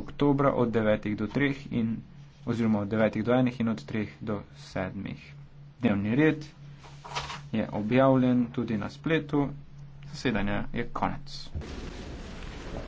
oktobra od 9 do 3 in oziroma od 9 do 1 in od 3 do 7. Dnevni red je objavljen tudi na spletu, zasedanja je konec.